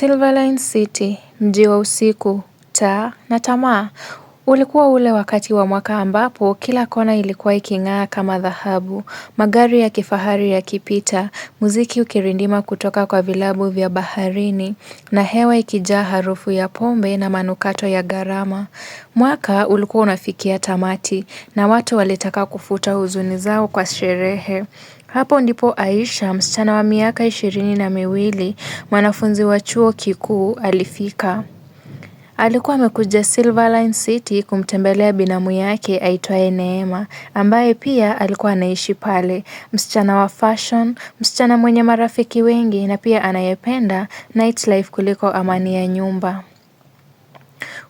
Silverline City, mji wa usiku, taa na tamaa. Ulikuwa ule wakati wa mwaka ambapo kila kona ilikuwa iking'aa kama dhahabu, magari ya kifahari yakipita, muziki ukirindima kutoka kwa vilabu vya baharini na hewa ikijaa harufu ya pombe na manukato ya gharama. Mwaka ulikuwa unafikia tamati na watu walitaka kufuta huzuni zao kwa sherehe. Hapo ndipo Aisha, msichana wa miaka ishirini na miwili, mwanafunzi wa chuo kikuu, alifika. Alikuwa amekuja Silverline City kumtembelea binamu yake aitwaye Neema, ambaye pia alikuwa anaishi pale, msichana wa fashion, msichana mwenye marafiki wengi na pia anayependa nightlife kuliko amani ya nyumba.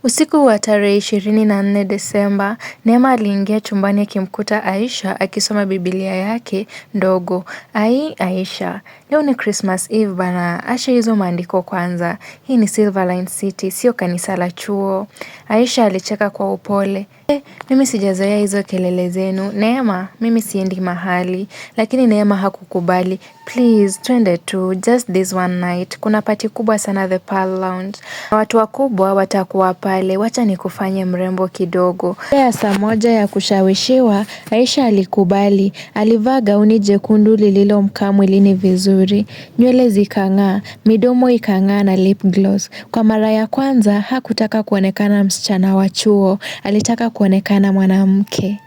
Usiku wa tarehe ishirini na nne Desemba, Neema aliingia chumbani akimkuta Aisha akisoma Biblia yake ndogo. Ai Aisha, Leo ni Christmas Eve bana, acha hizo maandiko kwanza. Hii ni Silverline City, sio kanisa la chuo. Aisha alicheka kwa upole. E, mimi sijazoea hizo kelele zenu. Neema, mimi siendi mahali. Lakini Neema hakukubali. Please, twende tu, just this one night. Kuna pati kubwa sana the Pearl Lounge. Na watu wakubwa watakuwa pale, wacha nikufanye mrembo kidogo. Ya saa moja ya kushawishiwa, Aisha alikubali. Alivaa gauni jekundu lililomkaa mwilini vizuri vizuri, nywele zikang'aa, midomo ikang'aa na lip gloss. Kwa mara ya kwanza hakutaka kuonekana msichana wa chuo, alitaka kuonekana mwanamke.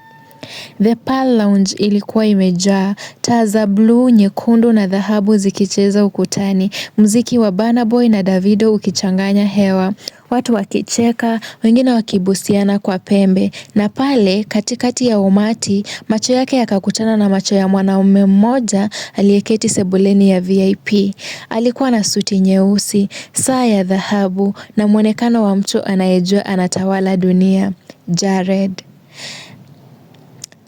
The Pearl Lounge ilikuwa imejaa taa za bluu, nyekundu na dhahabu zikicheza ukutani, muziki wa Burna Boy na Davido ukichanganya hewa, watu wakicheka, wengine wakibusiana kwa pembe. Na pale katikati ya umati, macho yake yakakutana na macho ya mwanaume mmoja aliyeketi sebuleni ya VIP. Alikuwa na suti nyeusi, saa ya dhahabu na mwonekano wa mtu anayejua anatawala dunia, Jared.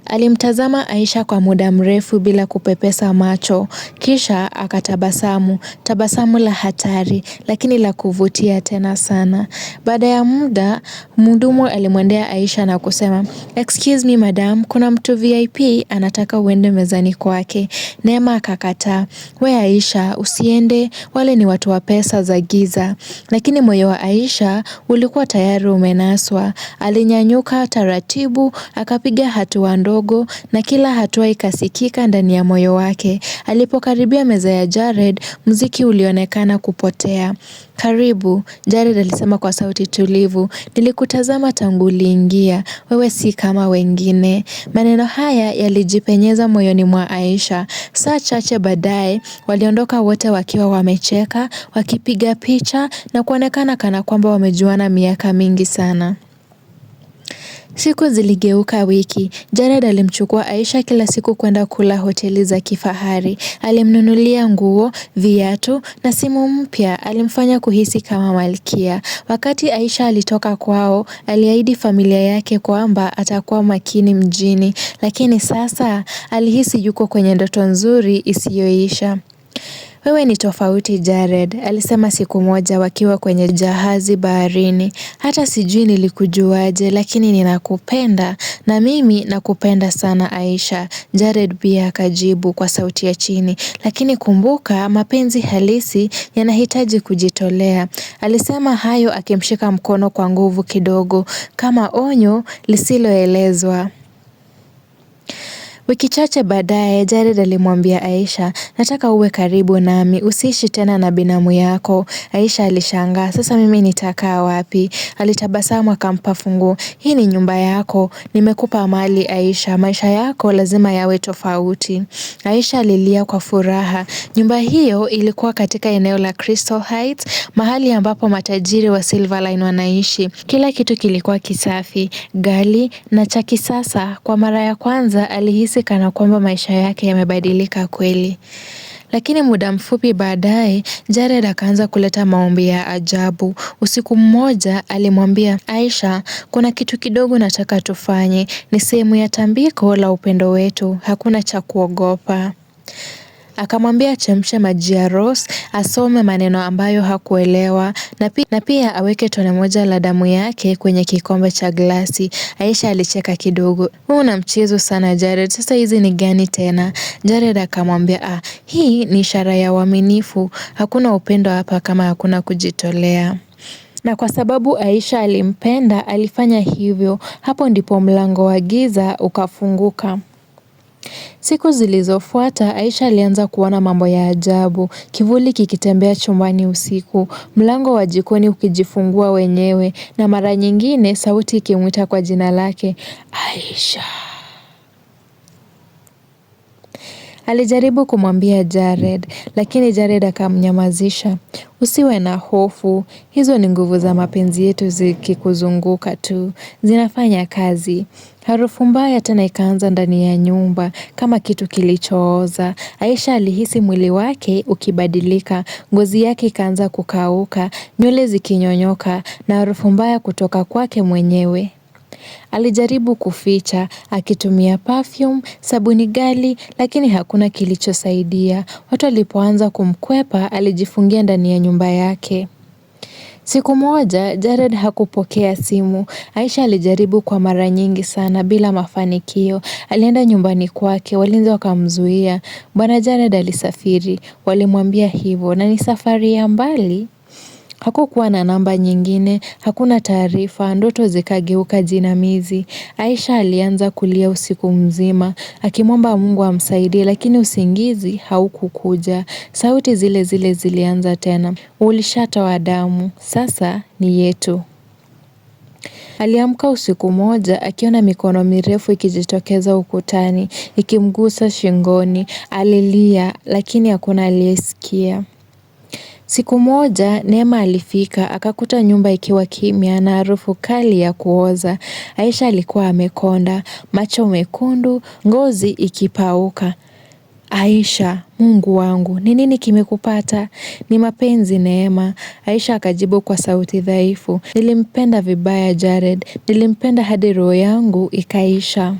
Alimtazama Aisha kwa muda mrefu bila kupepesa macho, kisha akatabasamu, tabasamu la hatari, lakini la kuvutia tena sana. Baada ya muda, mhudumu alimwendea Aisha na kusema, Excuse me madam, kuna mtu VIP anataka uende mezani kwake. Neema akakataa, we Aisha, usiende, wale ni watu wa pesa za giza. Lakini moyo wa Aisha ulikuwa tayari umenaswa. Alinyanyuka taratibu, akapiga hatua ndogo kidogo na kila hatua ikasikika ndani ya moyo wake. Alipokaribia meza ya Jared, mziki ulionekana kupotea. Karibu, Jared alisema kwa sauti tulivu. Nilikutazama tangu uliingia. Wewe si kama wengine. Maneno haya yalijipenyeza moyoni mwa Aisha. Saa chache baadaye, waliondoka wote wakiwa wamecheka, wakipiga picha na kuonekana kana kwamba wamejuana miaka mingi sana. Siku ziligeuka wiki. Jared alimchukua Aisha kila siku kwenda kula hoteli za kifahari. Alimnunulia nguo, viatu na simu mpya. Alimfanya kuhisi kama malkia. Wakati Aisha alitoka kwao, aliahidi familia yake kwamba atakuwa makini mjini, lakini sasa alihisi yuko kwenye ndoto nzuri isiyoisha. Wewe ni tofauti Jared, alisema siku moja wakiwa kwenye jahazi baharini. Hata sijui nilikujuaje, lakini ninakupenda na mimi nakupenda sana Aisha, Jared pia akajibu kwa sauti ya chini. Lakini kumbuka, mapenzi halisi yanahitaji kujitolea. Alisema hayo akimshika mkono kwa nguvu kidogo, kama onyo lisiloelezwa. Wiki chache baadaye Jared alimwambia Aisha, nataka uwe karibu nami, usiishi tena na binamu yako. Aisha alishangaa, sasa mimi nitakaa wapi? Alitabasamu akampa funguo, hii ni nyumba yako, nimekupa mali Aisha, maisha yako lazima yawe tofauti. Aisha alilia kwa furaha. Nyumba hiyo ilikuwa katika eneo la Crystal Heights, mahali ambapo matajiri wa Line wanaishi. Kila kitu kilikuwa kisafi, gali na cha kisasa. Kwa mara ya kwanza alihisi anahisi kana kwamba maisha yake yamebadilika kweli. Lakini muda mfupi baadaye, Jared akaanza kuleta maombi ya ajabu. Usiku mmoja alimwambia Aisha, kuna kitu kidogo nataka tufanye, ni sehemu ya tambiko la upendo wetu, hakuna cha kuogopa. Akamwambia achemshe maji ya rose, asome maneno ambayo hakuelewa na, pi na pia aweke tone moja la damu yake kwenye kikombe cha glasi. Aisha alicheka kidogo. Wewe una mchezo sana Jared, sasa hizi ni gani tena? Jared akamwambia ah, hii ni ishara ya uaminifu. Hakuna upendo hapa kama hakuna kujitolea na kwa sababu Aisha alimpenda alifanya hivyo. Hapo ndipo mlango wa giza ukafunguka. Siku zilizofuata Aisha alianza kuona mambo ya ajabu, kivuli kikitembea chumbani usiku, mlango wa jikoni ukijifungua wenyewe na mara nyingine sauti ikimwita kwa jina lake, Aisha. Alijaribu kumwambia Jared, lakini Jared akamnyamazisha. Usiwe na hofu, hizo ni nguvu za mapenzi yetu zikikuzunguka tu, zinafanya kazi. Harufu mbaya tena ikaanza ndani ya nyumba kama kitu kilichooza. Aisha alihisi mwili wake ukibadilika, ngozi yake ikaanza kukauka, nywele zikinyonyoka na harufu mbaya kutoka kwake mwenyewe. Alijaribu kuficha, akitumia perfume, sabuni gali lakini hakuna kilichosaidia. Watu walipoanza kumkwepa, alijifungia ndani ya nyumba yake. Siku moja, Jared hakupokea simu. Aisha alijaribu kwa mara nyingi sana bila mafanikio. Alienda nyumbani kwake, walinzi wakamzuia. Bwana Jared alisafiri, walimwambia hivyo na ni safari ya mbali. Hakukuwa na namba nyingine, hakuna taarifa, ndoto zikageuka jinamizi. Aisha alianza kulia usiku mzima, akimwomba Mungu amsaidie, lakini usingizi haukukuja. Sauti zile zile zilianza tena. Ulishatoa damu, sasa ni yetu. Aliamka usiku moja akiona mikono mirefu ikijitokeza ukutani, ikimgusa shingoni, alilia lakini hakuna aliyesikia. Siku moja, Neema alifika, akakuta nyumba ikiwa kimya na harufu kali ya kuoza. Aisha alikuwa amekonda, macho mekundu, ngozi ikipauka. Aisha, Mungu wangu, ni nini kimekupata? Ni mapenzi Neema. Aisha akajibu kwa sauti dhaifu. Nilimpenda vibaya Jared. Nilimpenda hadi roho yangu ikaisha.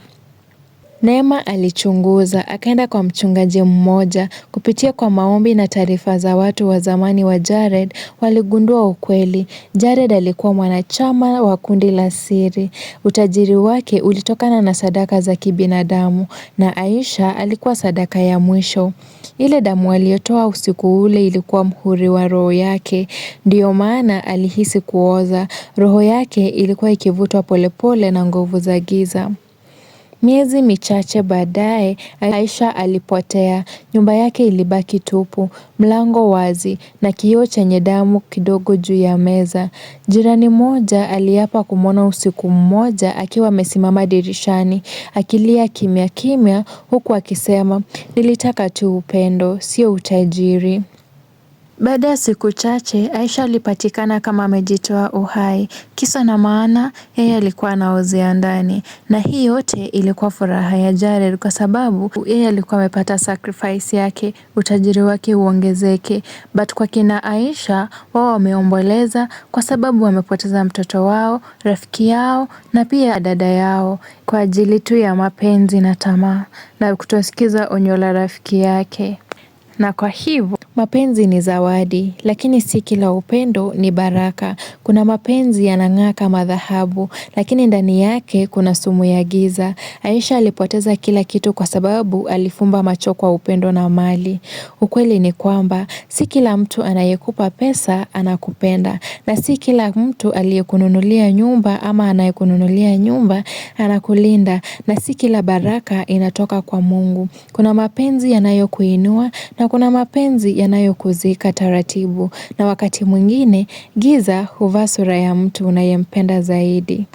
Neema alichunguza, akaenda kwa mchungaji mmoja. Kupitia kwa maombi na taarifa za watu wa zamani wa Jared, waligundua ukweli. Jared alikuwa mwanachama wa kundi la siri. Utajiri wake ulitokana na sadaka za kibinadamu, na Aisha alikuwa sadaka ya mwisho. Ile damu aliyotoa usiku ule ilikuwa mhuri wa roho yake. Ndiyo maana alihisi kuoza. Roho yake ilikuwa ikivutwa polepole na nguvu za giza. Miezi michache baadaye, Aisha alipotea. Nyumba yake ilibaki tupu, mlango wazi na kioo chenye damu kidogo juu ya meza. Jirani mmoja aliapa kumwona usiku mmoja akiwa amesimama dirishani, akilia kimya kimya huku akisema, "Nilitaka tu upendo, sio utajiri." Baada ya siku chache Aisha alipatikana kama amejitoa uhai. Kisa na maana, yeye alikuwa anaozea ndani, na hii yote ilikuwa furaha ya Jared kwa sababu yeye alikuwa amepata sacrifice yake, utajiri wake uongezeke. But kwa kina Aisha, wao wameomboleza kwa sababu wamepoteza mtoto wao, rafiki yao na pia dada yao kwa ajili tu ya mapenzi na tamaa na kutosikiza onyo la rafiki yake, na kwa hivyo Mapenzi ni zawadi, lakini si kila upendo ni baraka. Kuna mapenzi yanang'aa kama dhahabu, lakini ndani yake kuna sumu ya giza. Aisha alipoteza kila kitu kwa sababu alifumba macho kwa upendo na mali. Ukweli ni kwamba, si kila mtu anayekupa pesa anakupenda, na si kila mtu aliyekununulia nyumba ama anayekununulia nyumba anakulinda, na si kila baraka inatoka kwa Mungu. Kuna mapenzi yanayokuinua na kuna mapenzi yanayokuzika taratibu na wakati mwingine giza huvaa sura ya mtu unayempenda zaidi.